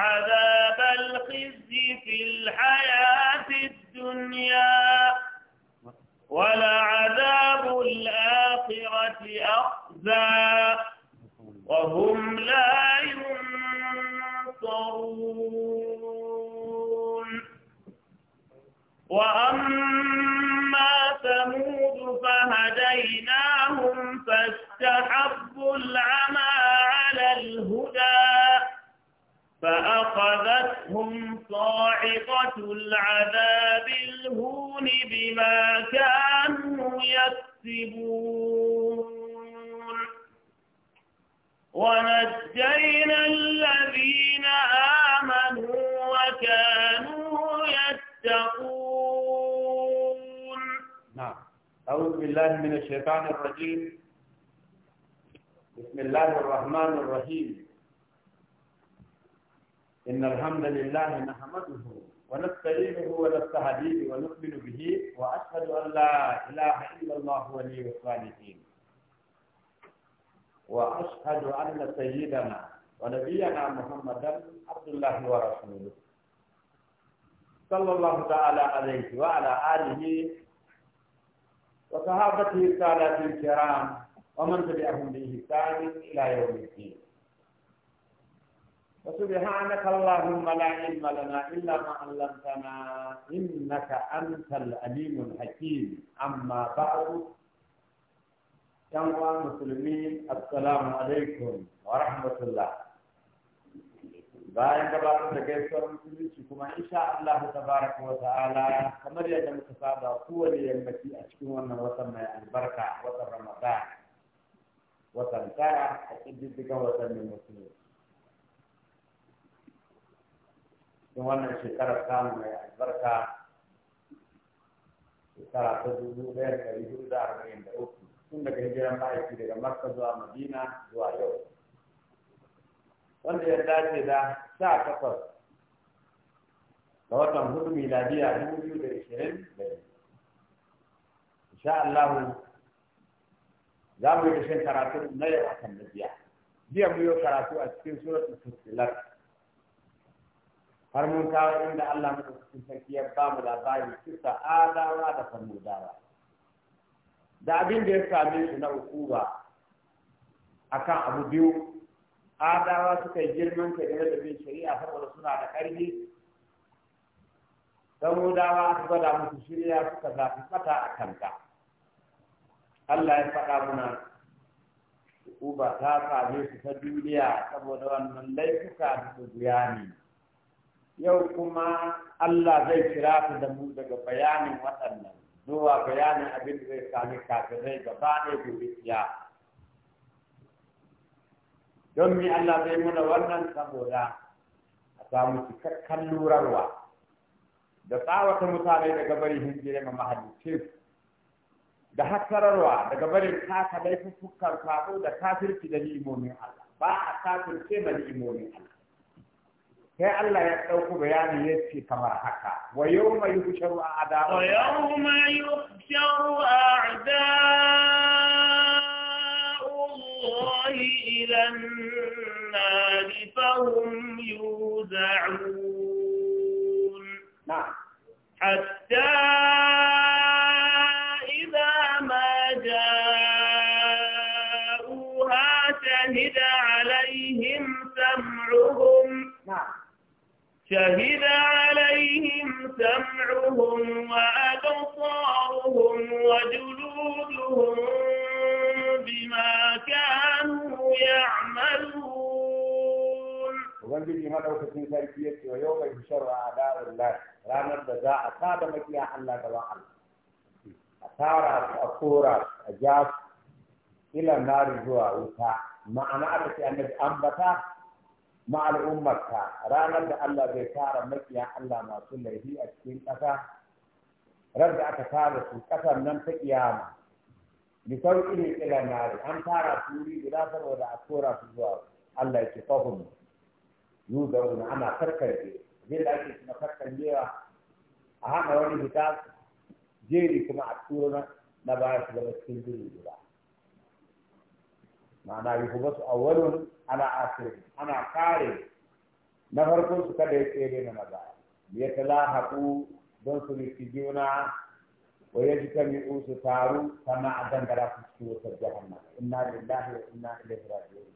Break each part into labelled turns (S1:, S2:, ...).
S1: عذاب الخزي في الحياة الدنيا ولعذاب الآخرة أخزى وهم لا ينصرون وأما ثمود فهديناهم فاستحبوا العمى على الهدى فأخذتهم صاعقة العذاب الهون بما كانوا يكسبون ونجينا الذين آمنوا وكانوا يتقون
S2: نعم أعوذ بالله من الشيطان الرجيم بسم الله الرحمن الرحيم إن الحمد لله نحمده ونستعينه ونستهديه ونؤمن به وأشهد أن لا إله إلا الله ولي الصالحين وأشهد أن سيدنا ونبينا محمدا عبد الله ورسوله صلى الله تعالى عليه وعلى آله وصحابته السادات الكرام ومن تبعهم بإحسان إلى يوم الدين وسبحانك اللهم لا علم لنا الا ما علمتنا انك انت العليم الحكيم اما بعد جميع المسلمين السلام عليكم ورحمه الله بارك الله فيكم كما ان شاء الله تبارك وتعالى كما يجب تفاضل قوه لامتي اشكو ان وطن البركه وطن رمضان وطن كاره وطن المسلمين cikin wannan shekarar samu mai albarka shekara ta dubu ɗaya da ɗari hudu da arba'in da uku tun daga hijiran ma'aiki daga makka zuwa madina zuwa yau wanda ya dace da sha takwas da watan hudu miladiya dubu biyu da ishirin da insha Allah za mu yi da shan karatu na yau a kan na biya biya mu yi karatu a cikin suratul fusilat har mun kawo inda Allah madaukakin sarki ya ba mu labari kisa adawa da dawa. da abin da ya same su na ukuba akan abu biyu adawa suka yi girman kai da bin shari'a saboda suna da ƙarfi samudawa aka gwada musu shirya suka zafi fata a kanta Allah ya faɗa muna uba ta same su ta duniya saboda wannan laifuka da su ne yau kuma Allah zai kira ku da mu daga bayanin waɗannan zuwa bayanin abin da zai sami kafirai gaba ne gobe kiyama don mi Allah zai muna wannan saboda a samu cikakken lurarwa da tsawata mutane daga bari hinjire ma mahallicin da hasararwa daga barin taka laifuffukan faɗo da kafirci da ni'imomin Allah ba a kafirce ma ni'imomin Allah sai Allah ya ɗauko bayani ya ce kamar haka wa yau mai yusharu a adawa wa yau
S1: mai yusharu a adawa ila النار فهم يوزعون حتى شهد عليهم سمعهم وأبصارهم وجلودهم بما كانوا يعملون
S2: وبنجي ما لو كنت سايكيت ويوم يشرع أعداء الله رانا بزاء أصاب مكيا الله دواء أثار أكورا أجاس إلى النار جوا وتا معنى أنك أنك أنبتا ma al'ummarka ranar da Allah zai tara makiya Allah masu laifi a cikin ƙasa rar da aka tara su ƙasar nan ta kiyama bi sauƙi ila nari an tara su wuri guda saboda a tura su zuwa Allah ya fahim yuzauna ana karkarje zai da ake kuma karkarjewa a hana wani hita jeri kuma a tura na baya su zama cikin jiri guda ma'ana yi kuma su awalun ana asirin ana kare na farko su kada ya tsere na maza ya haƙu don su riki juna wa ya jika mi su taru sama a dangara su ci wata jahannama inna lillahi wa inna ilaihi raji'un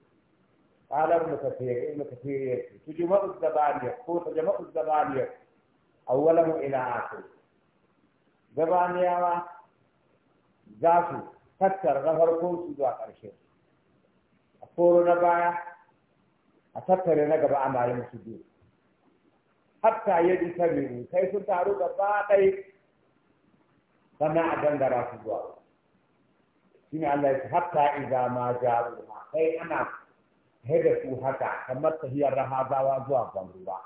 S2: قال ابن كثير ابن كثير تجمع الزبانية هو تجمع الزبانية أوله إلى za su ذاته na farko su سوى قرشه horo na baya a tattare na gaba ana yin su biyu hatta ya ji ta biyu sai sun taru gaba ɗai sana a dangara su zuwa shi ne Allah ya ce hatta ma sai ana hada su haka kamar ta tahiyar rahabawa zuwa banruwa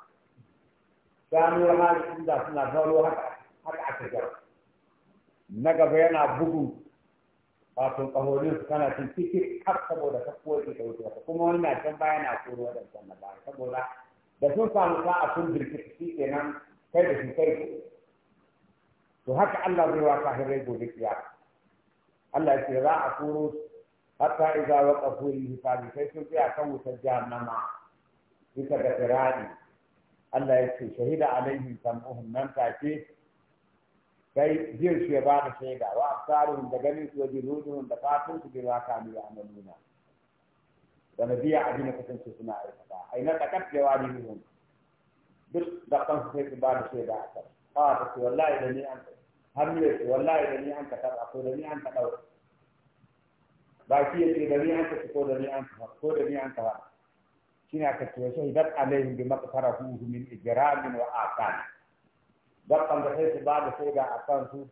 S2: shanu rahabawa suna zaro haka haka aka gara na gaba yana bugun wato kahorin su kana cin tikit har saboda ta koyi ta wuce wata kuma wani na can baya na koro waɗancan na baya saboda da sun samu a sun birkita shi kenan kai da shi kai to haka Allah zai wa kahirai gobe kiyama Allah ya ce za a koro hatta idza waqafu li hisabi sai sun a kan wutar jahannama bisa ga tirani Allah ya ce shahida alaihim sam'uhum nan take kai jin su ya bada shaida wa afsaruhum da ganin su wajen ruduhum da fatun su bi raka bi amaluna da nabiya abin da kasance suna aikata ai na takat jawabihum duk da kan su sai su bada shaida a kan qala su wallahi da ni an har ne su wallahi da ni an ka tar ko da ni an ka dau baki yace da ni an ka ko da ni an ka ko da ni an ka shine aka ce shahidat alaihim bi maqtarahu min ijramin wa aqan dabban da sai su ba da shaida a kansu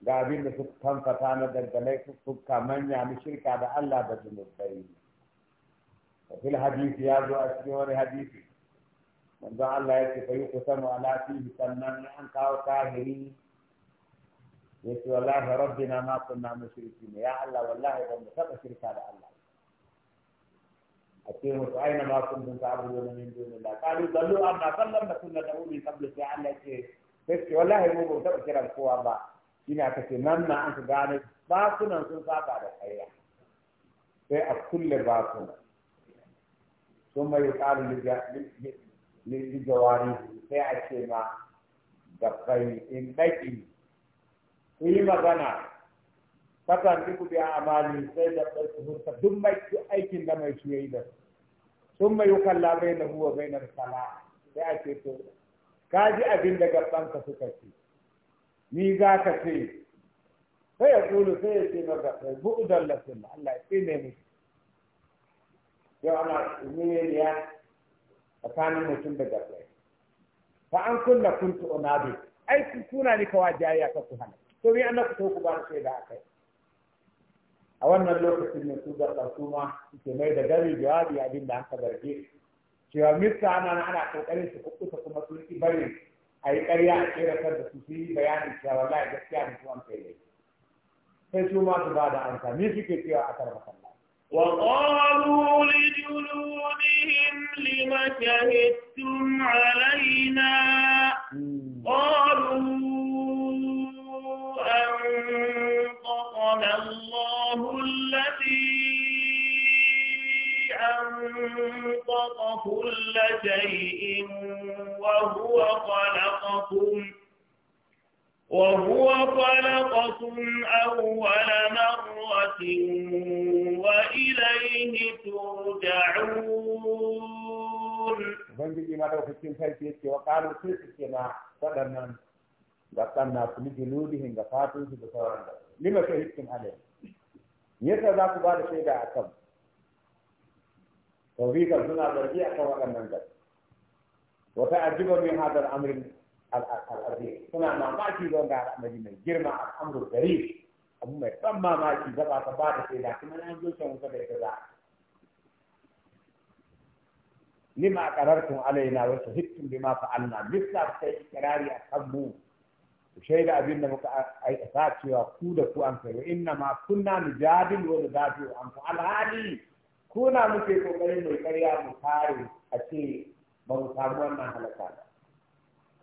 S2: ga abin da suka kamfata na dangane suka manya mu shirka da Allah da zunubai da fil hadisi ya zo a cikin wani hadisi manzon Allah ya ce fa yi kusamu ala fihi sannan an kawo kahiri ya ce wallahi rabbina ma kunna mushrikin ya Allah wallahi ban taba shirka da Allah ake mutu aina ba sun dinka abubuwa na min dole la kalu dallu amma sallan da sunna da ummi qabla sai Allah ke sai wallahi mu ba taba kiran kowa ba ina ka ce nan na an ka gane ba sunan sun saba da sai a kulle ba su. sun mai kalu li li jawari sai a ce ma da in daki yi magana fatan duku da amali sai da su hurta duk mai aikin da mai shi da sun mai yukalla bai na huwa bai na sala sai a ce to ka ji abin da gabanka suka ce ni za ka ce sai ya kulu sai ya ce maka sai bu'udan lasin Allah ya ne mu yau ana ne ya tsakanin mutum da gabai fa an kunna kuntu unabi ai suna ni kawai jayya ka ku hana to ni an ku to ku ba sai da akai a wannan lokacin ne su da su ma suke mai da gari jawabi abin da aka zarge cewa mista ana ana kokarin su kukkuta kuma sun ki barin a yi ƙarya a tseratar da su su yi bayanin cewa wallahi gaskiya da su an kai ne sai su ma su ba da amsa ni suke cewa a karɓa sallah وقالوا
S1: لجلودهم لم شهدتم علينا قالوا أنطقنا الله أنطق كل شيء وهو خلقكم وهو خلقكم أول مرة وإليه ترجعون
S2: Ubangiji ma daukakin sarki yake wa kalu sai suke na waɗannan gaɓɓan na su miji ludihin da fatinsu da sauran da. Lima ta hikin alai. Yadda za ku ba da shaida a kan توفيق السنة الذي كما من ننزل وتعجب من هذا الأمر العظيم سنة ما في لون دار مدينة جرمى الأمر الغريب أبو ما يتم ما ماشي بقى تبعت من كما ننزل شمس بإتزاع لما قررتم علينا وشهدتم بما فعلنا مثل إقراري أحبه وشهد أبينا بك أي أساتي وقودك وأنت وإنما كنا نجادل ونجادل وأنت على هذه kuna muke kokarin mai karya mu kare a ce ba mu samu wannan halaka ba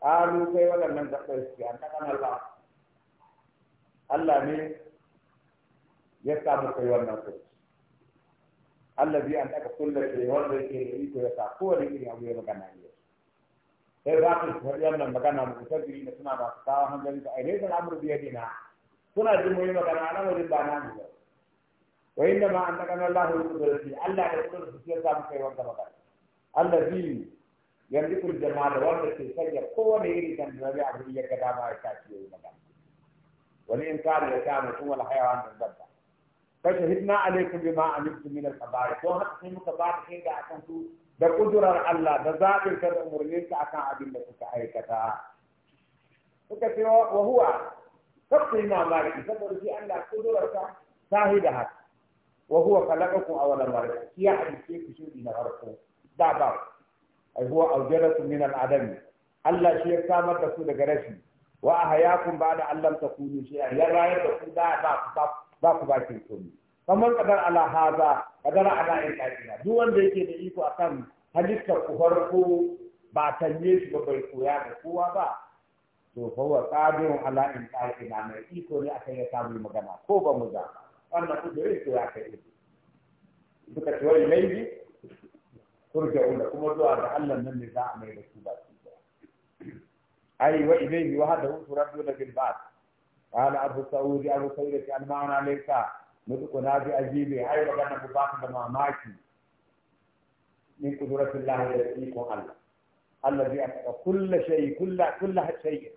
S2: ƙalu kai waɗannan gaɓar su an taɓa Allah Allah ne ya samu kai wannan kurci Allah bi an taɓa kulla kai wanda yake da iko ya sa ko wani iri abu ya magana ne sai za ku faɗi wannan magana mu kusa biri na suna ba masu kawo hankali da ainihin al'amur biyar dina suna jin mu yi magana a nan wajen ba na mu ba وإنما أنك أن الله يقدر الله يقدر في سيرة مكي وانتبقى الذي يملك الجمال والتي سجى قوة الله كان ربيع بلية كداما يكاشي ومكان والإنكار يكام هو الحيوان أن فشهدنا عليكم بما عملتم من القبائل وهم تسمى قبائل حين أكنتم أن الله Allah da zaɓin ka da umarnin ka akan abin da أن الله Suka ce wa huwa, kafin mamaki, saboda shi Allah kudurar أن الله da haka. wa huwa khalaqakum awwala marra ya halice ku shi na farko da ba ai huwa awjadakum min al Allah shi ya samar da ku daga rashi wa ahyakum ba'da an lam takunu shay'a ya rayar da ku da ba ku ba ki kamar kadar ala haza kadar ala ilkina duk wanda yake da iko akan halittar ku farko ba tanye shi ba bai koya da kowa ba to fa wa qadirun mai iko ne akan ya magana ko ba mu zaba أنا إيه، كنت أريد أن أكون ميلي ترجع لكم ودعا تعلم من نزاع ما يكتب أي وإليه وهذا هو ترد لك البعث أنا أبو سعودي أبو سعودي يعني أن معنا ليس نطق نادي أجيبي هاي ربنا بباقي بما ماشي من قدرة الله يأتيكم الله الذي أعطى كل شيء كل كل شيء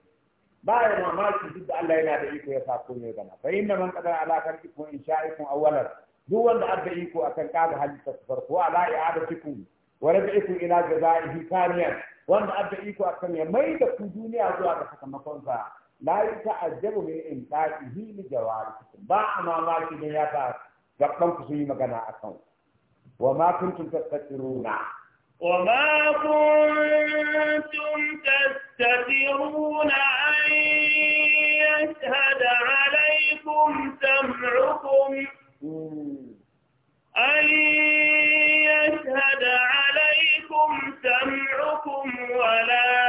S2: ba ya mamaki duk da Allah yana da iko ya sa ko ne gana fa da man qadara alakar iko in sha iko awwalan duk wanda abda iko akan kaga halitta farko ala i'adatikum wa rad'ikum ila jazaihi thaniyan wanda abda iko akan ya mai da ku duniya zuwa ga sakamakon sa la ta'ajjabu min intaqihi li jawarikum ba mamaki da ya ta gaban ku su yi magana akan wa ma kuntum tastatiruna
S1: وما كنتم تستترون أن يشهد عليكم سمعكم أن يشهد عليكم سمعكم ولا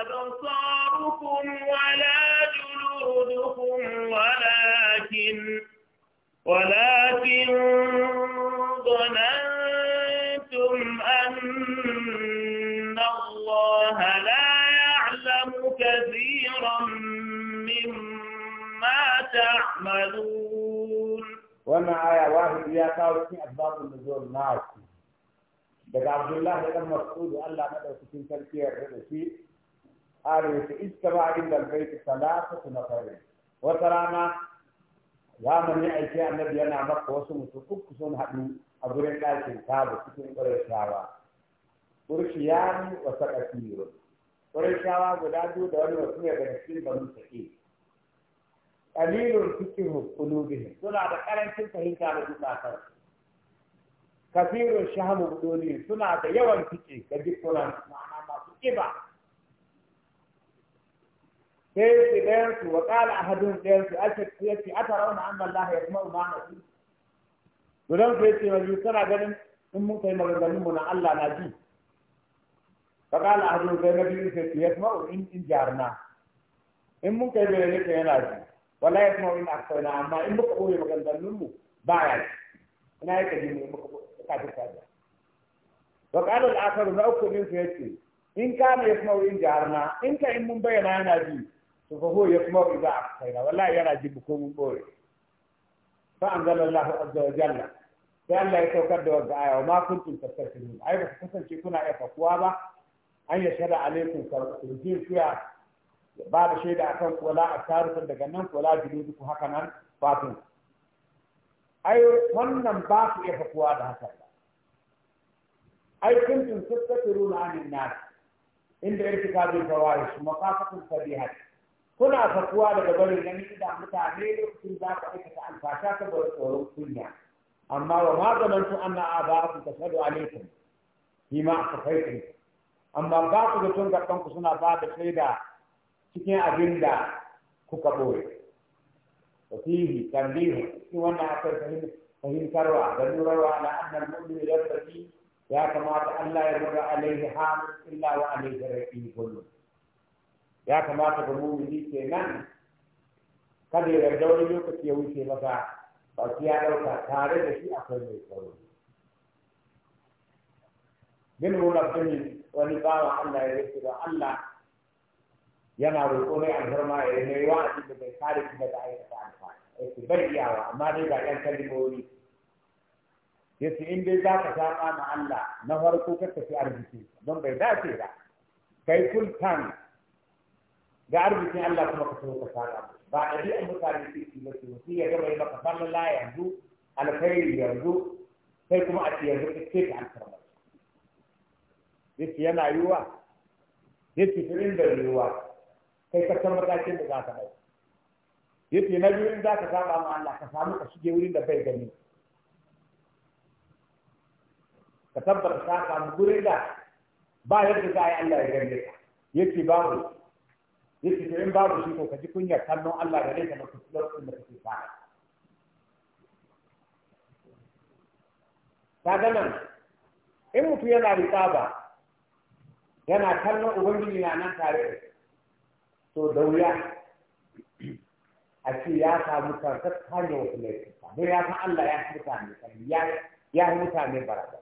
S1: أبصاركم ولا جلودكم ولكن
S2: ولكن تعملون وانا آية واحد يا كاوتي أسباب النزول ناس daga Abdullahi dan Mas'ud Allah madaukakin sarki ya rada shi ba a istaba inda albayt salatu nafar wata rana zamani aiki annabi yana maka wasu musu sun haɗu a gurin ɗakin kaba cikin ƙurashawa ƙurshiyani wa saƙafiyar ƙurashawa guda biyu da wani mutum ga cikin banu sa'i الفكر في قلوبهم سنة بكرم كنت هين كان بساطر كثير الشهم بدوني سنة يوم فكر كذب قرآن معنا ما فكبا كيف دانس وقال أحدهم دانس أشك سيتي أترون أن الله يسمع معنا فيه ولم سيتي مجيو سنع قدم إن موتى مغنغنمنا الله نجي فقال أحدهم دانس يسمع إن إن جارنا إن موتى بلنك ينادي wala ya kuma wani aksauna amma in muka ɓoye maganganunmu ba ya ci ina ya kaji ne muka kafin kaji wa ƙalar al'akaru na uku min ya ce in kana ya kuma wani na, in ka in mun bayyana yana ji to fa ya kuma wani za a aksauna wala yana ji ko mun ɓoye fa an zala Allah azza wa jalla sai Allah ya saukar da wanda aya wa ma kuntum tattakirun ai ba ku kasance kuna iya kuwa ba an yashara alaikum karɓar turjiyar ba da shaida akan kola a tarifin daga nan kola jini duku haka nan fatin ai wannan ba su iya fakuwa da haka ba ai kuntum tattakiru na anin nas inda irtika bil fawahish maqafatun sabihat kuna fakuwa daga barin nan da mutane sun za ka aikata alfasha saboda tsoron kunya amma wa ma zamantu anna aba'akum tashhadu alaykum bima akhfaytum amma ba su da tun gaban ku suna ba da shaida cikin abin da kuka ɓoye. Fasihi, tambihi, cikin wanda aka fahimtarwa, ganurarwa na annan mu'min idan baki ya kamata Allah ya rura alaihi hamu illa wa alaihi raƙi gullu. Ya kamata ga mu'mini ke nan, kada ya yarda wani lokaci ya wuce masa ba su ya ɗauka tare da shi akwai mai tsaro. Bin nuna wani bawa Allah ya rike da Allah yana roƙo mai alfarma ya yi wa abin da bai kare su daga aikata alfahari yake bar iyawa amma dai ga ɗan kalmomi yace in dai za ka saba ma Allah na farko ka tafi arziki don bai dace ba kai full time ga arzikin Allah kuma ka so ka saba ba a ɗabi'an mutane su yi ba su ya gama yi maka sallala yanzu alkhairi yanzu sai kuma a ce yanzu ka ce ka alfarma yace yana yiwuwa yace to in da kai ka san matakin da za ka ɗauka yace na biyu in za ka saba ma Allah ka samu ka shige wurin da bai gani ka tabbata ka samu gurin da ba yadda za a yi Allah ya gane ka yace babu to in babu shi ko ka ji kunyar kallon Allah da rai ka maka lokacin da kake fara kaga nan in mutu yana riƙa ba yana kallon ubangiji na nan tare so da wuya a ce ya samu karkar hanyar wasu laifuka don ya san Allah ya mutane kan ya mutane baraka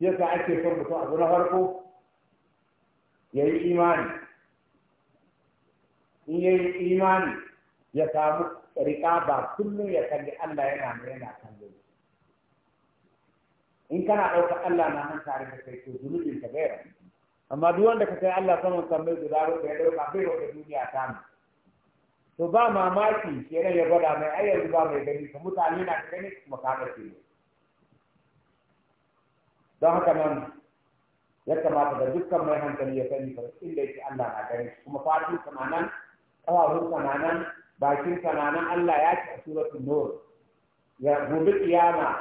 S2: yasa ake son mutum abu na farko ya yi imani in ya yi imani ya samu rika ba kullum ya kalli Allah yana mai yana kalli, in kana ɗaukar Allah na hankali da kai to zunubin ka gaira amma duk wanda ka sai Allah saman sammai guda rufe ya dauka bai wata duniya ta mu to ba mamaki kenan ya gwada mai ai yanzu ba mai gani ka mutane na gani kuma ka kace ne don haka nan ya kamata da dukkan mai hankali ya sani fa inda yake Allah na gani kuma fatin sananan kafafun sananan bakin sananan Allah ya ci a suratul nur ya gobe kiyama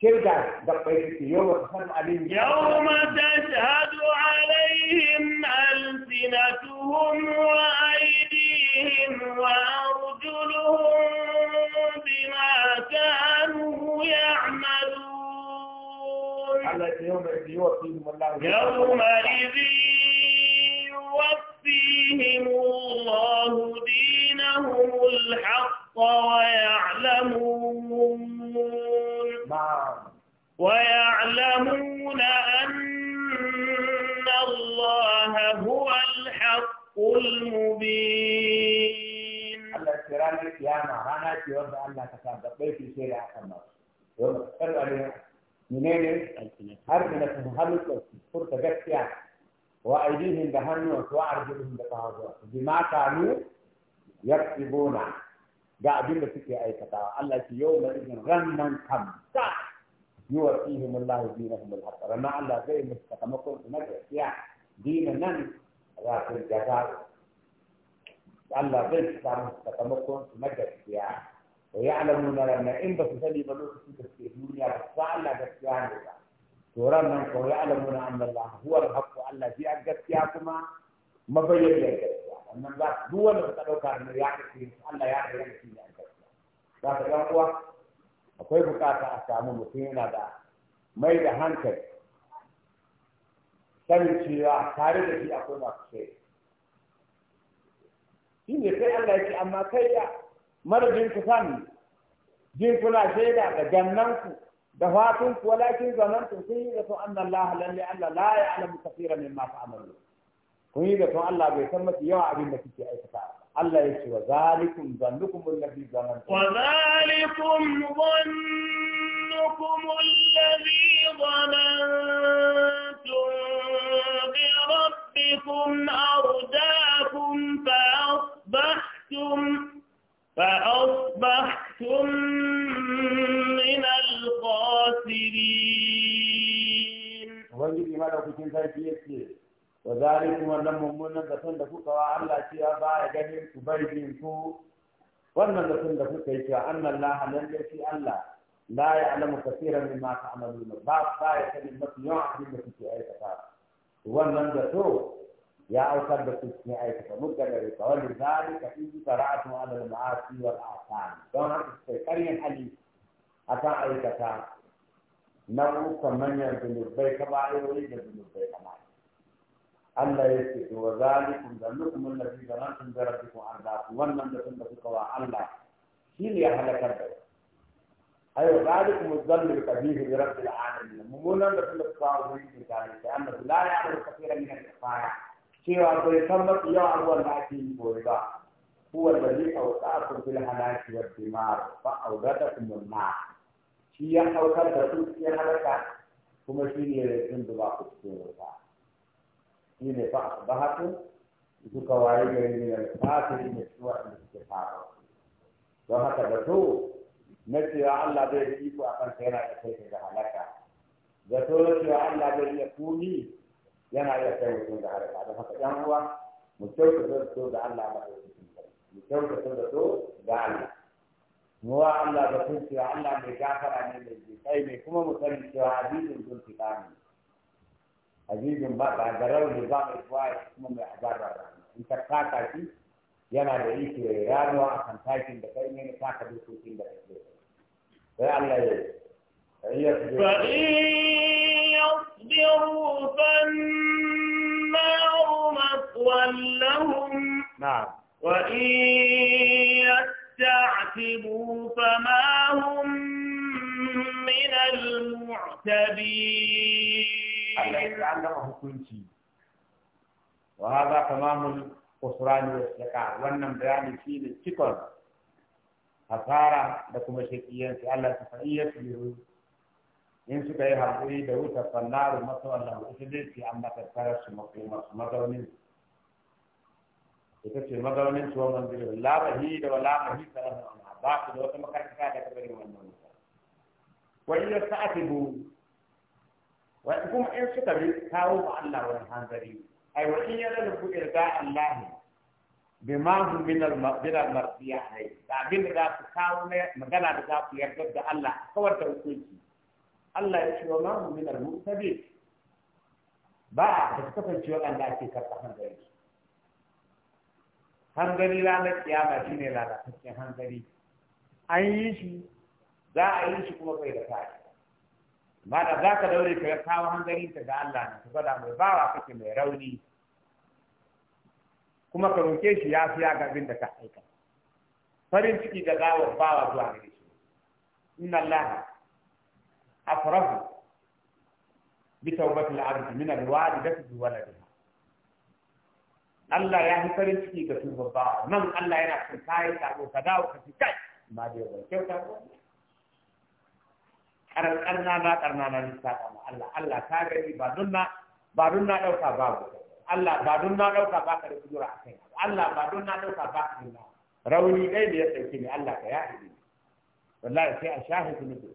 S2: shirga da bai yau wa san alin yawma
S1: tashhadu alayhi بأيديهم ألسنتهم وأيديهم وأرجلهم بما كانوا يعملون يومئذ يوفيهم الله دينهم الحق ويعلمون نعم. ويعلمون
S2: المبين الله كرامة يا معانا في الله تصدق في شيء أحسن يوم تسر عليها منين أرجلتهم هلك فرت جسيا وأيديهم جهنم وأرجلهم بتهاجر بما كانوا يكسبون قاعدين بسكي أي كتاب الله في يوم إذن غنما كم يوفيهم الله دينهم الحق رمى الله زي مستقمكم في مجلس يعني ديننا ذات الجزاء Allah zai samu sakamakon su na gaskiya wa ya alamu na ranar in ba su sani ba lokacin da suke duniya ba su Allah gaskiya ne ba to ranar ka wa alamu na annan Allah huwar Allah zai gaskiya kuma mabayyanar gaskiya wannan za su duk wanda suka ɗauka ne ya kashe Allah ya kashe su ne gaskiya za ka ɗan uwa akwai bukata a samu mutum yana da mai da hankali sanin cewa tare da shi akwai masu shaida shi ne sai Allah ya ce amma kai da marabin ku sani jin kuna shaida da gannan ku da fatun ku walakin zanan ku sun yi zaton anna Allah lalle Allah la ya alamu kafira min ma ta'amalu kun yi zaton Allah bai san mafi yawa abin da kuke aikata Allah ya ce wa zalikum zannukum alladhi zanan wa
S1: zalikum zannukum alladhi
S2: wannan mummunan zaton da kuka wa Allah cewa ba ya ganin ku bai bin ku wannan zaton da kuka yi cewa annan la halan da shi Allah la ya alamu kasiran min ma ta'maluna ba ba ya sanin mafi yawan abin da kuke aikata wannan zato ya aukar da kuke aikata mugga da rika wani zalika in ji karatu ala maasi wal asan don haka sai karyan hali akan aikata na ukan manyan zunubai kaba'iroyi da zunubai kamar Allah ya ce wa zalikum zannukum allazi zamantum bi rabbikum ardaku wannan da kun da kuka wa Allah shi ne ya halakar da ayo zalikum zannu bi kabihi bi rabbil alamin mumunan da kun da kuka wa wani da ne sai Allah la ya'lamu kathira min al-kafara cewa bai san mafi yawa abubuwan da ake yi gobe ba huwa allazi awsa'akum fil halaki wad dimar fa awdatakum an-nar shi ya haukar da su ya halaka kuma shi ne ya rindu ba ku cikin wuta shi ne fa asbahatu suka waye gari ne alfasiri ne su waɗanda suke fara don haka da to na cewa Allah zai yi iko a kan yana da kai da halaka da to na cewa Allah zai iya kuni yana iya kai mutum da halaka don haka ɗan uwa mu kyautata da to da Allah ba mu kyautata da to da Allah muwa Allah da kun cewa Allah mai gafara ne mai jikai ne kuma mu sani cewa hadisin sun fita ne عزيز بقى جراوي نظام الكويس اسمه من احبار انت بتاعك دي yana da iko ya gano a kan takin da kai ne ta ka dokokin da kake sai Allah ya
S1: فَإِنْ فَالنَّارُ مَثْوًى لَهُمْ نعم وَإِنْ يَسْتَعْتِبُوا فَمَا هُمْ مِنَ
S2: الْمُعْتَبِينَ Allah ya an gama hukunci wa hadha tamamul khusran wa istiqa wannan bayani shine cikon hasara da kuma shakiyan sai Allah ta fa'iyya su in suka yi hakuri da wuta fannaru masa wallahu ita dai ce an mata tarar su makoma su mazaunin ita ce mazaunin su wannan zai la bahi da wala bahi sallallahu alaihi ba su da wata makaranta da bari wannan wuta ya iya sa'atibu kuma in suka kawo ma Allah wani hanzari ai wa in yana da ku irga Allah bima hum min al min al marsiya ai da abin da za su kawo ne magana da za su yarda da Allah kawar da hukunci Allah ya ce wa ma hum min al mutabi ba da su kasance waɗanda ake karɓa hanzari hanzari ranar kiyama shine lalataccen hanzari an yi shi za a yi shi kuma bai da tashi mana za ka daure ka kawo hangarinta ga Allah ne ka gwada mai bawa kake mai rauni kuma ka roke shi ya fiya ga abin da ka aika farin ciki ga gawa bawa zuwa gare shi inna Allah afrahu bi tawbati al-abd min al-walidati wa waladiha Allah ya fi farin ciki ga tuba bawa nan Allah yana son kai ka ka dawo ka fi kai. ma da kyauta karkarna na karna na lissafa ma Allah Allah ka gani ba don na ba don na dauka babu Allah ba don na dauka ba ka da kudura akai Allah ba don na dauka ba ka da rauni dai da ya dauke ni Allah ka ya hidi wallahi sai a shahidu mutu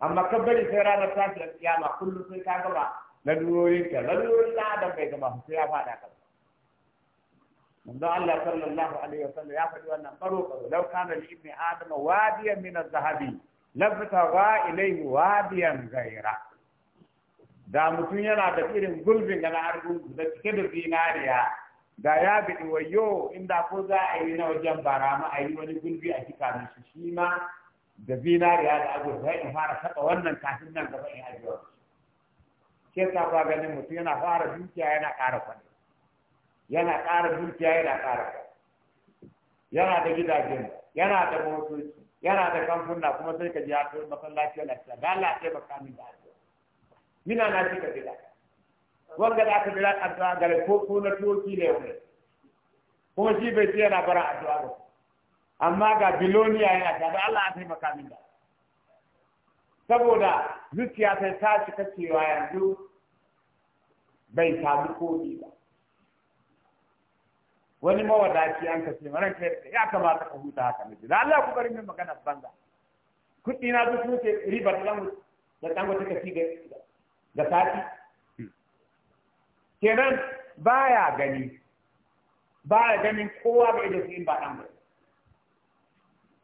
S2: amma kabbari sai ranar tashi da kiyama kullum sai ka gaba lalurorin ka lalurorin na adam bai gama sai ya fada ka manzo Allah sallallahu alaihi wasallam ya faɗi wannan baro baro law kana li ibni adam wadiyan min az-zahabi labtaga ilayhi wadiyan gaira da mutum yana da irin gulbin da na da cike da zinariya da ya bidi wayo inda ko za a yi na wajen barama a yi wani gulbi a cika shi ma da zinariya da sai in fara saka wannan kafin nan gaba in ajiyar ke ta ba ganin mutum yana fara dukiya yana ƙara kwani yana ƙara dukiya yana ƙara yana da gidajen yana da motoci yana da na kuma sai ka ji haka masallaci yana cewa ga Allah sai baka min da haka mina na ka bida wanga da aka a addu'a gare ko ko na toki ne wani kuma shi bai ce yana bara addu'a ba amma ga biloniya yana ta ga Allah sai baka min da saboda zuciya sai ta cika cewa yanzu bai samu komi ba wani mawadaci an ka ce mara kai ya kamata ka huta haka miji da Allah ku bari min magana banza kudi na duk muke ribar dan da dan wata kaci ga ga sati kenan baya gani baya ganin kowa ga ido in ba dan ba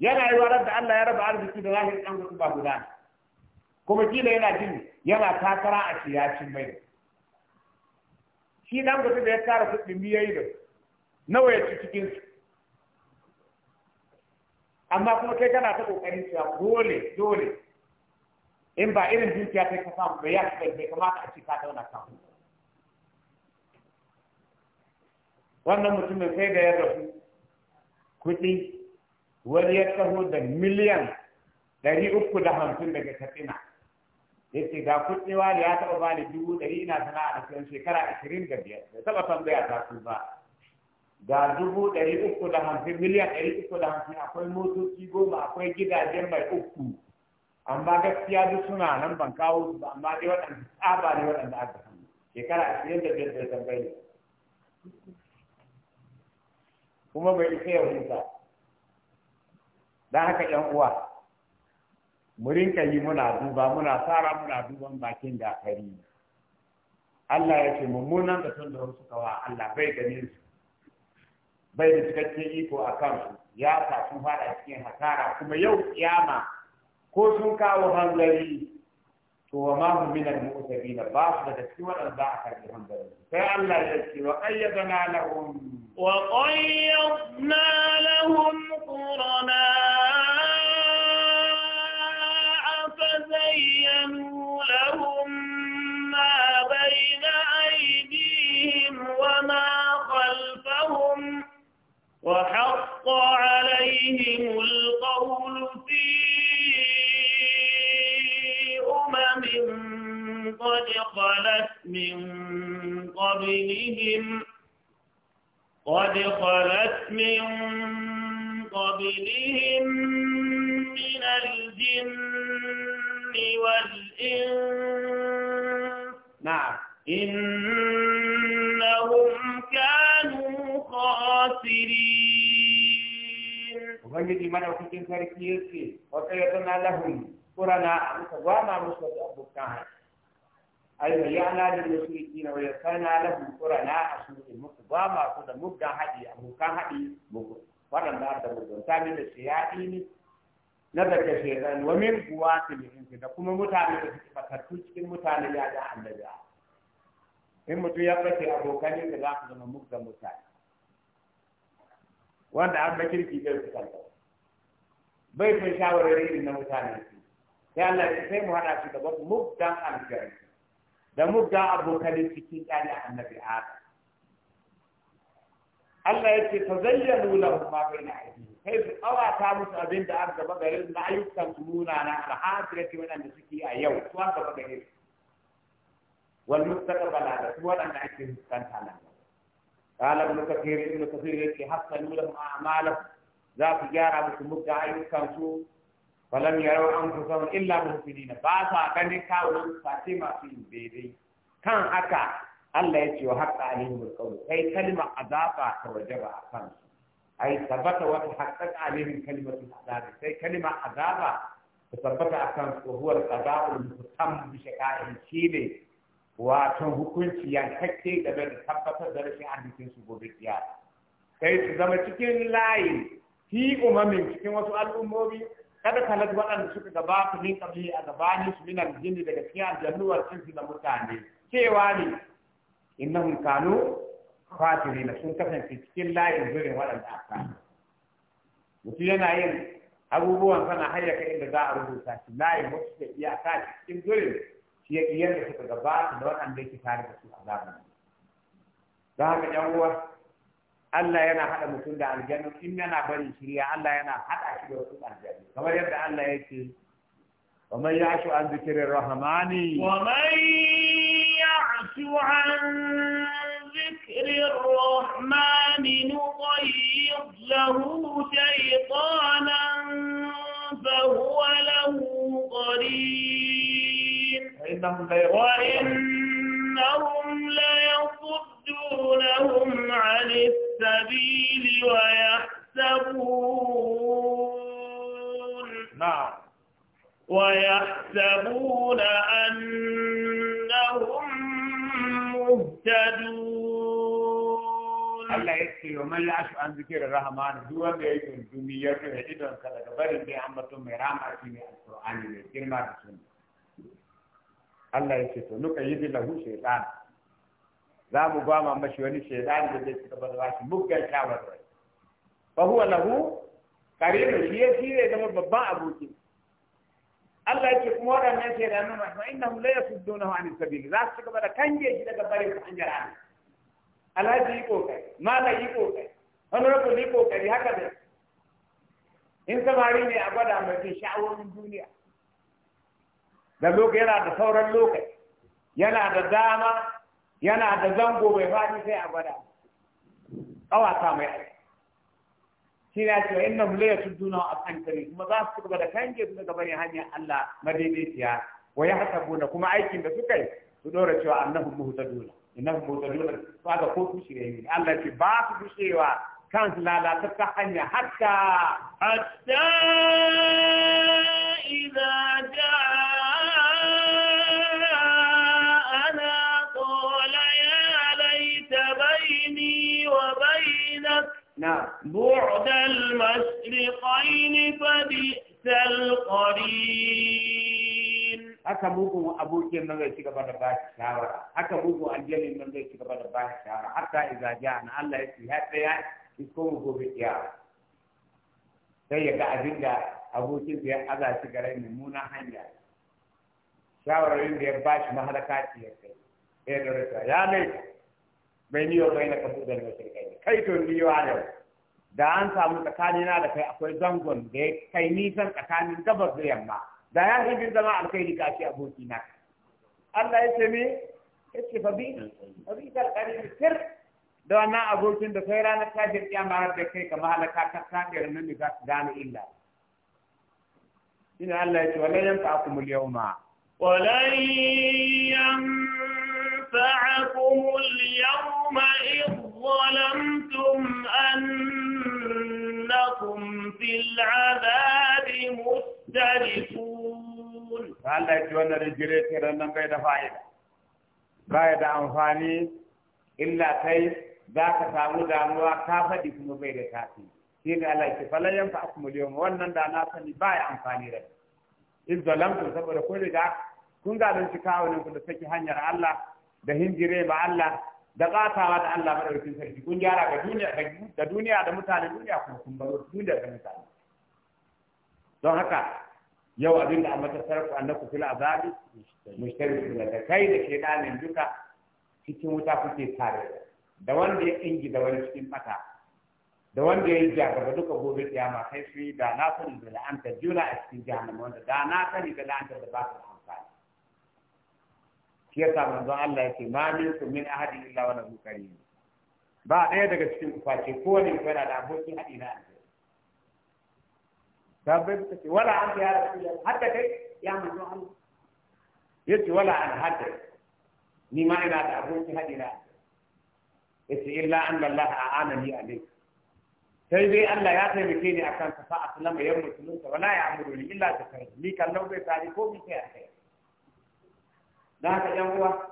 S2: yana yi warar da Allah ya raba arziki da zahiri dan gutu ba guda kuma kila yana jin yana takara a siyacin mai shi dan gutu da ya tara kuɗin biyayi da nawa ya ci cikin su amma kuma kai kana ta kokarin cewa dole dole in ba irin dukiya kai ka samu bai yaki bai bai kamata a ci ka dauna ka wannan mutumin sai da ya rasu kuɗi wani ya taho da miliyan ɗari uku da hamsin daga katsina ya ce ga kuɗi wani ya taɓa bani dubu ɗari ina sana'a da kuɗin shekara ashirin da biyar bai taɓa tambaya ta su ba da dubu ɗari uku da hamsin miliyan ɗari uku da hamsin akwai motoci goma akwai gidajen mai uku amma gaskiya duk suna nan ban kawo su ba amma dai waɗanda tsaba ne waɗanda aka samu shekara ashirin da biyar da tambayi kuma bai isa ya huta don haka ƴan uwa mu rinka yi muna duba muna tsara muna duban bakin da kari Allah ya ce mummunan da tun da wasu kawa Allah bai ganin su bai da cikakken iko a kansu ya sa sun fada cikin hasara kuma yau kiyama ko sun kawo hanzari to wa ma hum min al-mu'tabin ba su da cikin waɗanda za a karbi hanzari sai Allah ya ce wa qayyadna lahum
S1: wa qayyadna lahum qurana وحق عليهم القول في أمم قد خلت من قبلهم قد خلت من قبلهم من الجن والإنس نعم
S2: ubangiji madaukakin sarki ya ce wa qayyadna lahum qurana muka gwama musu da abokan hanya ay su da muku da ta da ne na wa min da kuma mutane da suke batattu cikin mutane ya da annabi in mutum ya bace abokan da za su zama muggan mutane wanda an su kanta بيت شاور ريد انه ثاني يا الله كيف هذا في تبوك مبدا انجر ده مبدا ابو خليل في كتاب النبي عاد الله يكفي تزين له ما بين ايديه كيف اوى تابوس ابين ده ارجع بقى غير لا يكتم سمونا انا حاضر كي من عند سكي سوان بقى غير والمستقبل على سوان ان عند كان قال ابن كثير ابن كثير كي حصل لهم اعمالهم za su gyara musu muka ayyukansu falam yarau an kusan illa muhsinin ba sa ganin kawunan face masu yin daidai kan haka Allah ya ce wa haqqa alaihim alqawl kai kalma azaba ta waje ba a kan ai tabbata wa haqqaqa alaihim kalimatu azab sai kalma azaba ta tabbata a kan su huwa alqada'u mutam bi shaqa'in shine wato hukunci yankakke game da tabbatar da rashin arzikin su gobe kiyama Sai su zama cikin layi fi umamin cikin wasu al'ummomi kada ka waɗanda suka gabata min kabli a gabani su min aljinni daga cikin aljannu wal su da mutane cewa ne innahum kanu khatirin sun kasance cikin layin zurin waɗanda aka mutum yana yin abubuwan sana hayyaka inda za a rubuta shi layin wasu ke iya ka cikin zurin shi ya da suka gabata da waɗanda yake tare da su a zamani. Za haka ‘yan uwa Allah yana haɗa mutum da aljanu in yana barin shirya Allah yana haɗa shi da wasu aljanu kamar yadda Allah ya ce wa man ya'shu an zikrir rahmani wa man
S1: ya'shu an zikrir rahmani nuqayyid lahu shaytanan fa huwa lahu qarin wa inna إنهم ليصدونهم عن السبيل ويحسبون نعم ويحسبون أنهم
S2: مهتدون الله يكفي ومن يعش عن ذكر الرحمن هو بيت الدنيا يرجع إذا كذا كبر بأمة مرامة في القرآن الكريم السنة Allah ya ce to nuka yi lahu shaytan za mu ba ma mashi wani shaytan da zai cika da shi muggan shawar rai fa huwa lahu karinu shi ya shi zai babban aboki Allah ya ce kuma waɗannan shaytanu ma fa innahum la yasuddunahu an sabili za su cika da kange shi daga bare su hanyar Allah alhaji yi kokari malai yi kokari honorable yi kokari haka da in samari ne a gwada mafi sha'awar duniya da lokaci yana da sauran lokaci yana da dama yana da zango mai faɗi sai a gwada ƙawata mai aiki shi ne cewa inna mu laya tuntuna a hankali kuma za su gaba da kange su gaba ne hanyar Allah madaidaiciya wa ya hasabuna kuma aikin da suka yi su dora cewa annahum muhtaduna innahum dole ba ga ko tushe ne Allah ce ba su tushewa kansu ta hanya hatta hatta
S1: idza jaa لنا قال يا ليت بيني وبينك نعم بعد المشرقين فبئس القرين
S2: haka mugun abokin nan zai ci gaba da bashi shawara haka mugun aljamin nan zai ci gaba da bashi shawara hatta iza ja na Allah ya ce ya tsaya isko gobe kiyama sai ya ga abin da abokin ya aza shi garai mummunan hanya shawararin da ya ba shi mahalaka ce ya kai ya da ya mai mai niyo bai na kafu da mashirkai kai to niyo adam da an samu tsakanina da kai akwai zangon da ya kai nisan tsakanin gabas da yamma da ya haifin zama alkhairi ka shi aboki na Allah ya ce me yace fa bi fa bi kal qarin sir da wannan abokin da sai ranar kafir kiyama har da kai kamar halaka ka da nan da za su gane illa ina Allah ya ce wala yanfa'akum al ma?
S1: ولن ينفعكم اليوم إذ ظلمتم أنكم في العذاب مختلفون
S2: لك يتوانا رجلي تيرانا بيدا فائدة فائدة أنفاني إلا كيف ذاك سامو داموا كافة دي كنو بيدا كافي shine Allah yake fala yanfa'akum al-yawma wannan da na sani baya amfani da in kun ga don cikawa ne kun da saki hanyar Allah da hinjire ba Allah da ƙatawa da Allah madaukakin sarki kun gyara ga duniya da duniya da mutane duniya kuma kun baro duniya da mutane don haka yau abin da amma tasarrufu annaku fil azabi mushtari da kai da ke danin duka cikin wuta kuke tare da wanda ya ingi da wani cikin mata da wanda ya yi jagaba duka gobe kiyama sai su yi da na sani da la'anta juna a cikin jahannama wanda da na sani da la'anta da ba ta shi yasa manzon Allah yake ma min minkum min ahadin illa wa lahu karim ba ɗaya daga cikin ku face kowane ku yana da abokin haɗi na aljanna sabbai suka ce wala an ya rasulullah hadda kai ya manzon Allah yace wala an hadda ni ma ina da abokin haɗi na yace illa anna Allah a'anani alayka sai dai Allah ya taimake ni akan ka fa aslama yan musulunta wala ya amuru illa ta kai ni kallon bai tare ko bi sai a kai da haka yan uwa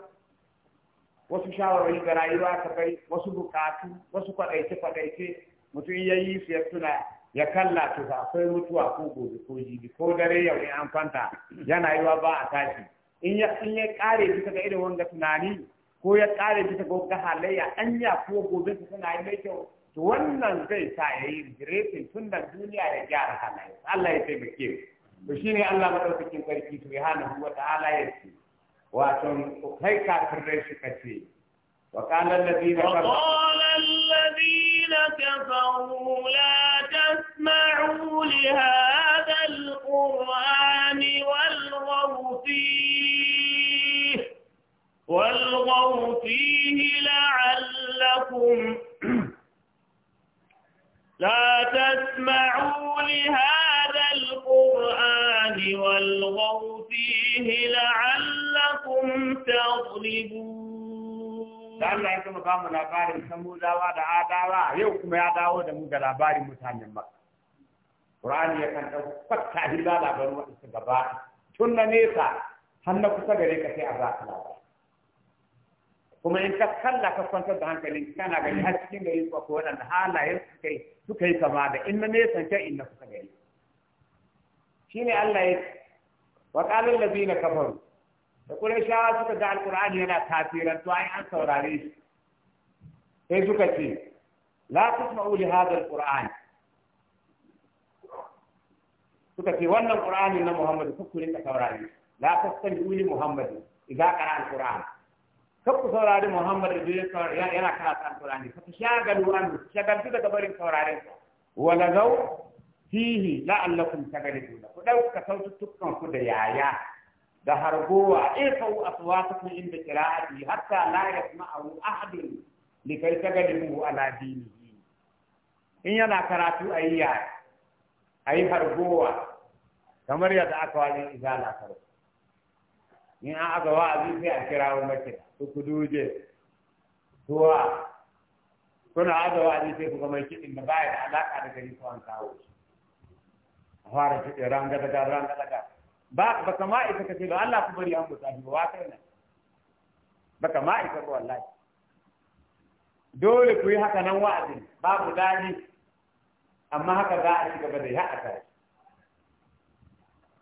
S2: wasu shawarwari ga rayuwa ta kai wasu bukatu wasu kwaɗaice-kwaɗaice mutum ya yi su ya tuna ya kalla su akwai mutuwa ko gobe ko jibi ko dare yau in an kwanta yana yi wa ba a tashi in ya in ya kare bisa ga irin wanga tunani ko ya kare bisa ga wanga halayya anya ko gobe su suna yi mai kyau to wannan zai sa ya yi regretin tun da duniya ya gyara halayya. Allah ya taimake to shine Allah madaukakin sarki subhanahu wa ta'ala ya ce واتم هي كافر شكتي وقال الذين كفروا وقال
S1: الذين كفروا لا تسمعوا لهذا القرآن والغوا فيه والغوا فيه لعلكم لا تسمعوا لهذا القرآن والغوا فيه لعلكم
S2: Da Allah ya kuma ba mu labarin Samudawa da Adawa a yau kuma ya dawo da mu ga labarin mutanen Makka. Qur'ani ya kan dauko fatta da labarin wadansu gaba tun na nesa har na kusa gare ka sai a za su ka Kuma in ka kalla ka kwantar da hankalin kana gani har cikin gari ko ko wadanda halayen su kai su kai kama da in na nesa ke in na kusa da yi. Shi ne Allah ya wa qalil na kafaru da ƙurashawa suka ga alƙur'ani yana kafiran to ai an saurare shi sai suka ce la tusma'u li hadha alqur'an suka ce wannan qur'ani na Muhammadu ku rinka saurare la tastami'u li Muhammadu idza qara alqur'an kar ku saurari Muhammad da yana karatu alqur'ani fa ku shagalu an shagaltu daga barin sauraren wa lagaw fihi la'allakum tagaliduna ku dauka sautukan ku da yaya da hargowa ifau eh, aswatakum inda qira'ati hatta la yasma'u ahadun likai mu ala dinihi in yana karatu ayi a yi hargowa kamar yadda aka wani izala karo in an aka wa'azi sai a kirawo mace su kuduje suwa kuna aka wa'azi sai kuma mai kiɗin da baya da alaƙa da gari ko an kawo shi a fara kiɗin ranga daga ranga da. ba baka ma isa ka ce da Allah ku bari an buta shi ba kai nan baka ma isa ba wallahi dole ku yi haka nan wa'azin babu dadi amma haka za a ci gaba da ya aka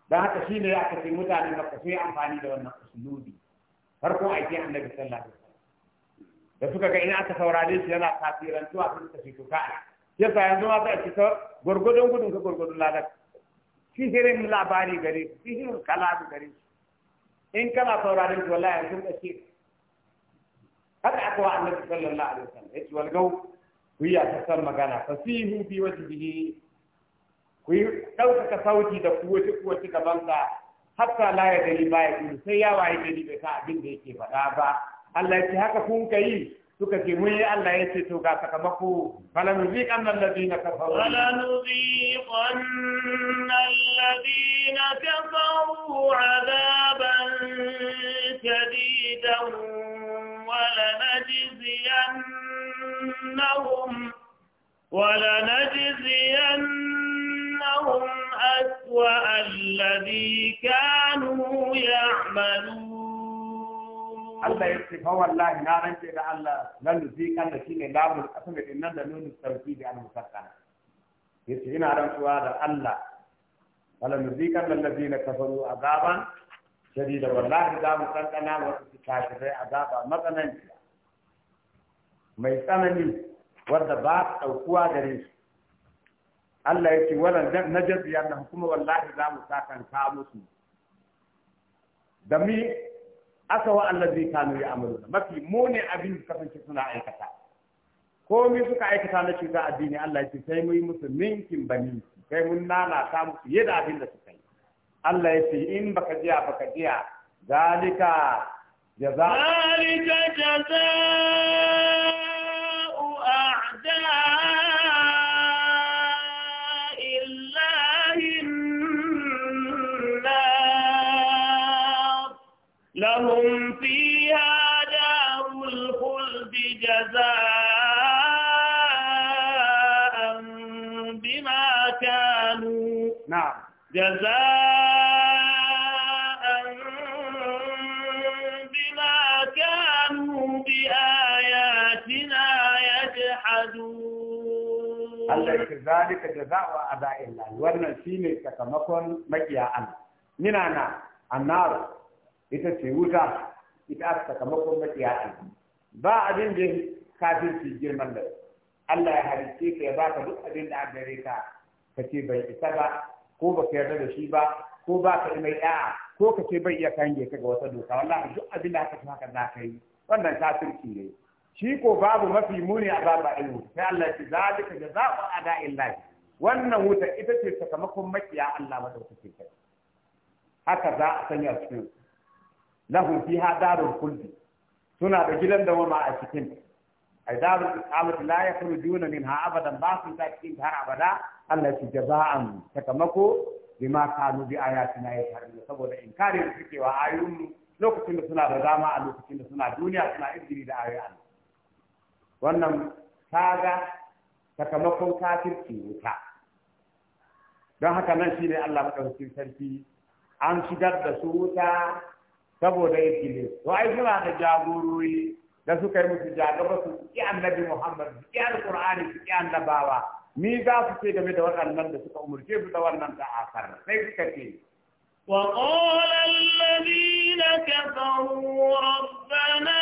S2: dan haka shine aka ce mutanen Makka su yi amfani da wannan usulubi farkon aiki annabi sallallahu alaihi wasallam da suka ga ina aka saurare shi yana kafirantuwa sun tafi to ka'a yasa yanzu ma za a ci gurgudun gudun ka gurgudun ladaka sihirin labari gare su sihirin kalabi gare su in kana sauraron su wallahi yanzu da ce kada aka wa annabi sallallahu alaihi wasallam yace walgau ku yi ta san magana fa sihu bi wajhihi ku yi ɗaukaka sauti da ku kuwaci gaban sa hatta la ya dali baya sai ya waye dali bai sa abin da yake faɗa ba Allah ya ce haka kun kai suka ce mun yi Allah ya ce to ga sakamako fala nan alladhina kafaru fala
S1: nuziqan alladhina kafaru adaban shadidan wala najziyannahum wala najziyannahum aswa alladhi kanu
S2: ya'malun Allah ya ce fa wallahi na rance da Allah lan nuzikan da shine lamul asmi din nan da nunu sarfi da al-musakkana yace ina rantsuwa da Allah wala nuzikan allazina kafaru azaban shadida wallahi da mu kankana wa su kafirai azaba matsananci mai tsanani wanda ba su ɗaukuwa gare su Allah ya ce wala najabi annahum kuma wallahi za mu sakan ka musu da mi aka wa allazi kanu ya'maluna mafi mune abin da kasance suna aikata komai suka aikata na cuta addini Allah ya ce sai mu yi musu minkin bani sai mun lalata musu yadda abin da suka yi Allah ya ce in baka jiya baka jiya zalika jaza zalika
S1: jaza لهم فيها دار الخلد جزاء بما كانوا نعم جزاء بما كانوا بآياتنا يجحدون
S2: الله كذلك جزاء أعداء الله وأن شيء سكمكم مكيا أنا من أنا النار ita ce wuta ita aka sakamakon matsiya ce ba abin da kafin su girman da Allah ya halice ka ya baka duk abin da aka gare ka ka ce bai isa ba ko ba ka yarda da shi ba ko ba ka mai da'a ko ka ce bai iya kange ka ga wata doka wallahi duk abin da aka ci haka za ka yi wannan kafirci ne shi ko babu mafi muni a babu ilmu sai Allah ya ce zalika jazaa'u ada'illahi wannan wuta ita ce sakamakon makiya Allah madaukakin sarki haka za a sanya cikin lahum fiha darul khuldi suna da gidan da wama a cikin ai darul iqamati la yakhrujuna minha abadan ba su ta cikin har abada Allah ya jaza'an sakamako bima kanu bi ayatina yasharun saboda inkari da suke wa ayun lokacin da suna da dama a lokacin da suna duniya suna izini da ayoyin wannan kaga sakamakon kafirci wuta don haka nan shine Allah madaukakin sarki an shigar da su wuta saboda ikile to ai suna da jagorori da suka yi musu jagaba su ki annabi Muhammad su ki alqur'ani su ki annabawa ni za su ce game da waɗannan da suka umurce su da wannan akar sai suka ce وقال
S1: الذين كفروا ربنا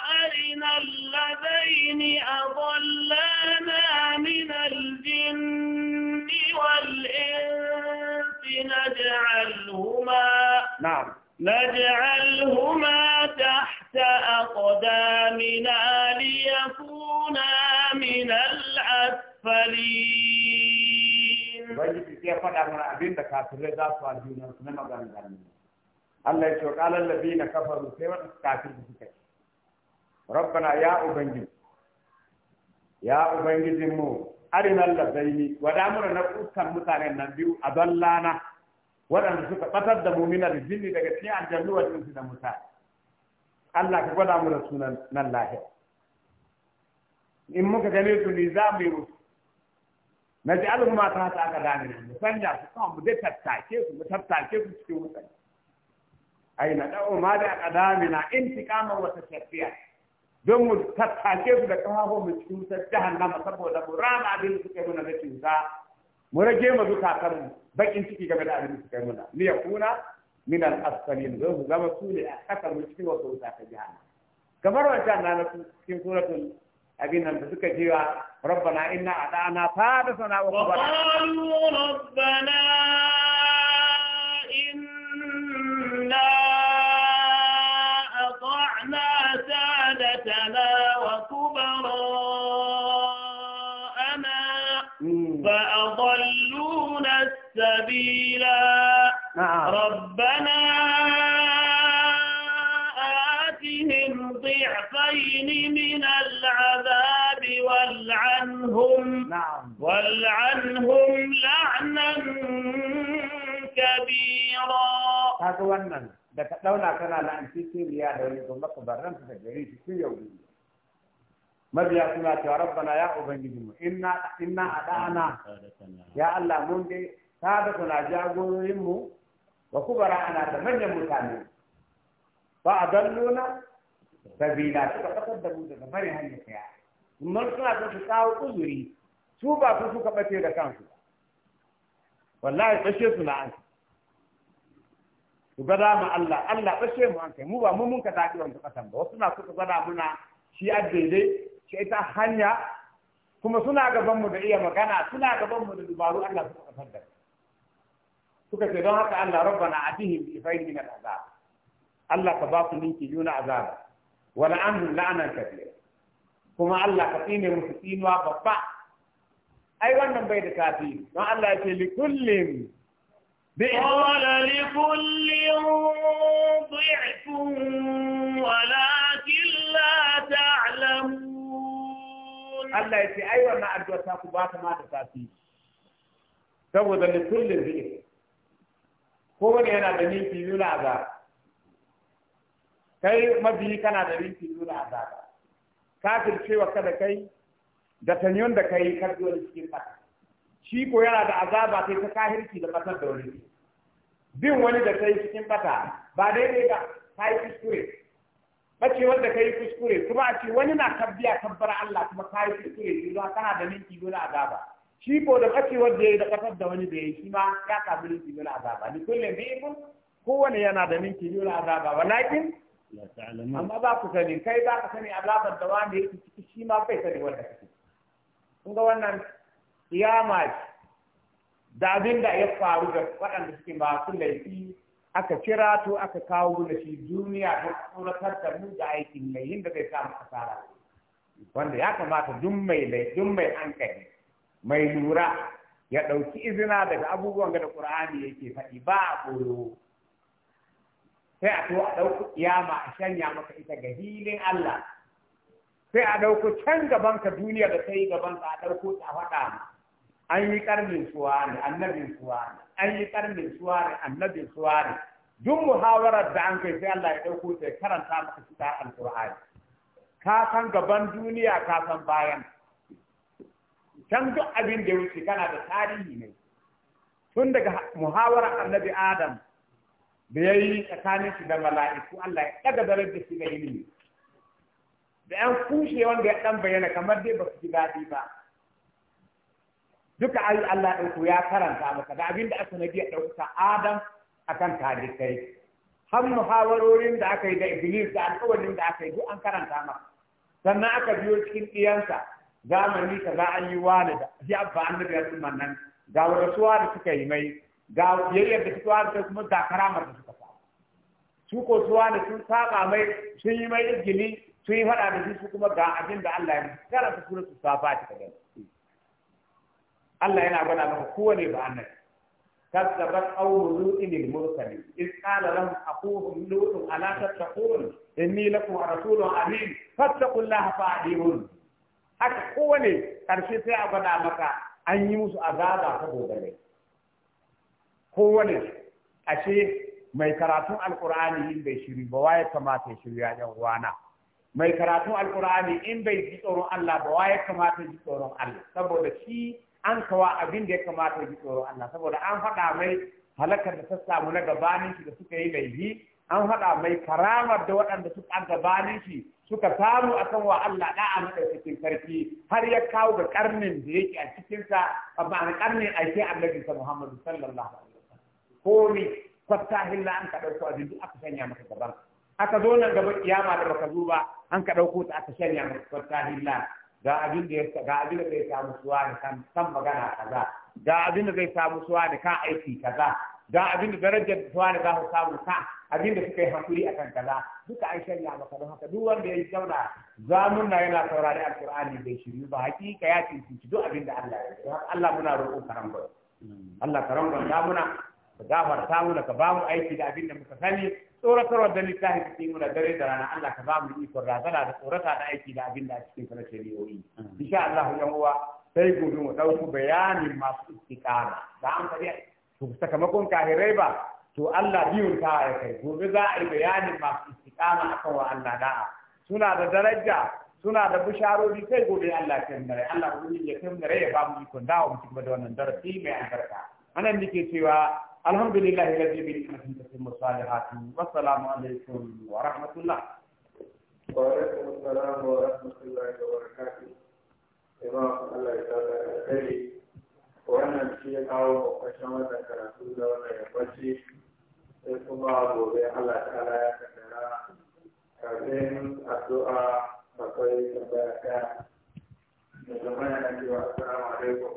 S1: أرنا الذين أضلوا نجعلهما نعم نجعلهما تحت أقدامنا ليكونا من الأسفلين
S2: Allah ya ce wa ƙalar labina kafaru sai waɗansu kafin da suka ce, Rabbana ya Ubangiji, ya Ubangijinmu, arinan labaini, wada mura na fuskan mutanen nan biyu a don na. waɗanda suka ɓatar da mumina da jinni daga cikin aljannu wa jinsi da musa Allah ka gwada mu da sunan nan lahir in muka gane su ne za mu yi musu na ji al'umma ma ta ta gane ne mu sanya su kan mu dai tattake su mu tattake su cikin mutane ai na da'o ma da qadamina intiqaman wa tasfiya don mu tattake su da kafafun mu cikin wutar jahannama saboda mu rana abin da suke nuna na mu rage ma zukatanmu bakin ciki game da abin da suka yi muna ya kuna min al asfalin don su zama su ne a kasar mu cikin wasu wuta ta jihar kamar wancan na na cikin suratul abin nan da suka je wa rabbana inna ata'ana fa da sana wa
S1: qalu rabbana inna سبيلا نعم. ربنا آتهم ضعفين من العذاب والعنهم نعم. والعنهم لعنا كبيرا
S2: هذا ونن da ka ɗauna kana na an siriya da wani gombe ka barran ta gari shi sun yau biyu mabiya suna cewa rabbana ya ubangiji mu inna inna adana ya Allah mun dai na kuna jagororinmu wa kubara ana da manyan mutane ba a dallona sabila suka kasar da mu daga mari hanyar kaya mun suna son su kawo uzuri su ba su suka bace da kansu wallahi bashe su na an su gada mu Allah Allah bashe mu an kai mu ba mu mun ka dadi wanda kasan ba wasu na suka gada muna shi addede shi ita hanya kuma suna gaban mu da iya magana suna gaban mu da dubaru Allah suka kasar da mu suka ce don haka Allah rabbana atihim bi fayn min al'azab Allah ka ba su ninki juna azaba wa la'anhum la'anan kabira kuma Allah ka tsine musu tsinuwa babba ai wannan bai da kafi don Allah ya ce li kullin قال لكل
S1: ضعف ولكن لا
S2: تعلمون الله يتي أيوة ما ba تاكو ma da تتاتي Saboda ذا لكل ضعف Ko wani yana da minti biyu na azaba kai mabiyi kana da minti biyu na azaba Kafin cewa kada kai da tanyon da kai kar zuwa cikin ta shi ko yana da azaba kai ta kahirci da kasar da wani bin wani da ta yi cikin bata ba daidai ta yi kuskure bace wanda yi kuskure kuma a ce wani na kabbiya kabbar Allah kuma kai kuskure zuwa kana da minti biyu na azaba shi ko da kace wanda ya da da wani da ya ma ya kafi minti biyu na azaba ni kullum biyu kowane yana da minti biyu azaba walakin amma ba ku sani kai ba ka sani azabar da wanda yake ciki shi ma bai sani wanda kake kun ga wannan kiyama da abin da ya faru da waɗanda suke masu laifi aka kira to aka kawo mana shi duniya ta tsoratar da mu da aikin mai inda da zai samu asara wanda ya kamata duk mai duk mai hankali mai lura ya ɗauki izina daga abubuwan da Qur'ani yake faɗi ba a koyo sai a to a ɗauki kiyama a shanya maka ita ga hilin Allah sai a ɗauko can gaban ka duniya da ta yi ka a ɗauko ta faɗa an yi ƙarnin suwa ne annabin suwa an yi ƙarnin suwa ne annabin suwa ne duk muhawarar da an kai sai Allah ya ɗauko ta karanta maka shi al ka san gaban duniya ka san bayan can duk abin da wuce kana da tarihi ne tun daga muhawara annabi adam da ya yi tsakanin shi da mala'iku Allah ya ɗaga darar da shi da ilimi da ‘yan kushe wanda ya ɗan bayyana kamar dai ba su ji daɗi ba duka ayi Allah ɗauko ya karanta maka da abin da aka nabi ya ɗauka adam akan talibai har muhawarorin da aka yi da iblis da alƙawarin da aka yi duk an karanta maka sannan aka biyo cikin ɗiyansa zamani za an yi wani da ji an da ya tsumman nan ga suwa da suka yi mai ga yayyar da suka wani kuma zakara karamar da suka samu su ko suwa da sun saba mai sun yi mai izgini sun yi faɗa da shi su kuma ga abin da Allah ya kara karanta sura su safa ta kaga Allah yana gwada maka kowane ba annan كذبت قوم لوط للمرسلين إذ قال لهم أخوهم لوط ألا تتقون إني لكم رسول أمين فاتقوا الله haka kowane ƙarshe sai a gwada maka an yi musu azaba ta gobe kowane ashe mai karatun alkur'ani in bai shiri ba waye kamata ya shirya yan uwana mai karatun alkur'ani in bai ji tsoron Allah ba waye kamata ya ji tsoron Allah saboda shi an kawa abin da ya kamata ya ji tsoron Allah saboda an faɗa mai halakar da ta samu na gabanin shi da suka yi laifi an haɗa mai karamar da waɗanda suka gabanin shi suka samu a kan wa Allah da da'a cikin sarki har ya kawo ga karnin da yake a cikinsa amma a karnin ke annabi sa Muhammadu sallallahu alaihi wasallam ko ni fattahin la an ka ɗauko a duk aka sanya maka gaban aka zo nan gaban kiyama da baka zo ba an ka ɗauko ta aka sanya maka fattahin la ga abin da ga abin da zai samu suwa da kan san magana kaza ga abin da zai samu suwa da kan aiki kaza ga abin da darajar suwa da za ka samu ka abin da suka yi hakuri akan kaza duka an shirya maka don haka duk wanda ya yi zauna na yana saurari Alkur'ani bai shiryu ba hakika ya cinci duk abin da Allah ya yi Allah muna roƙo karan gwai Allah karan gwai da muna ka gafarta muna ka bamu aiki da abin da muka sani tsoratarwa da littafi da ke muna dare da rana Allah ka bamu ikon razana da tsorata da aiki da abin da a cikin kana shari'o'i insha Allah yan uwa sai gobe mu dauko bayanin masu istiqama da an faɗi sakamakon kahirai ba to Allah biyun ta ya kai gobe za a yi bayanin masu istiqama akan wa Allah da'a suna da daraja suna da bisharori sai gobe Allah ya kai mare Allah ruhi ya kai mare ya ba mu ikon da'a mu cikin wannan darasi mai albarka anan nake cewa alhamdulillah ladzi bi ni'matin tatimmu salihati wa assalamu alaikum wa rahmatullah wa alaikum assalam wa rahmatullahi wa barakatuh imam Allah ya tsara alheri wannan shi ya kawo kwakwashen da karatu da wannan yabbaci sai kuma gobe Allah ta ala ya kaddara kafin addu'a akwai tambaya ɗaya da zama yana cewa assalamu alaikum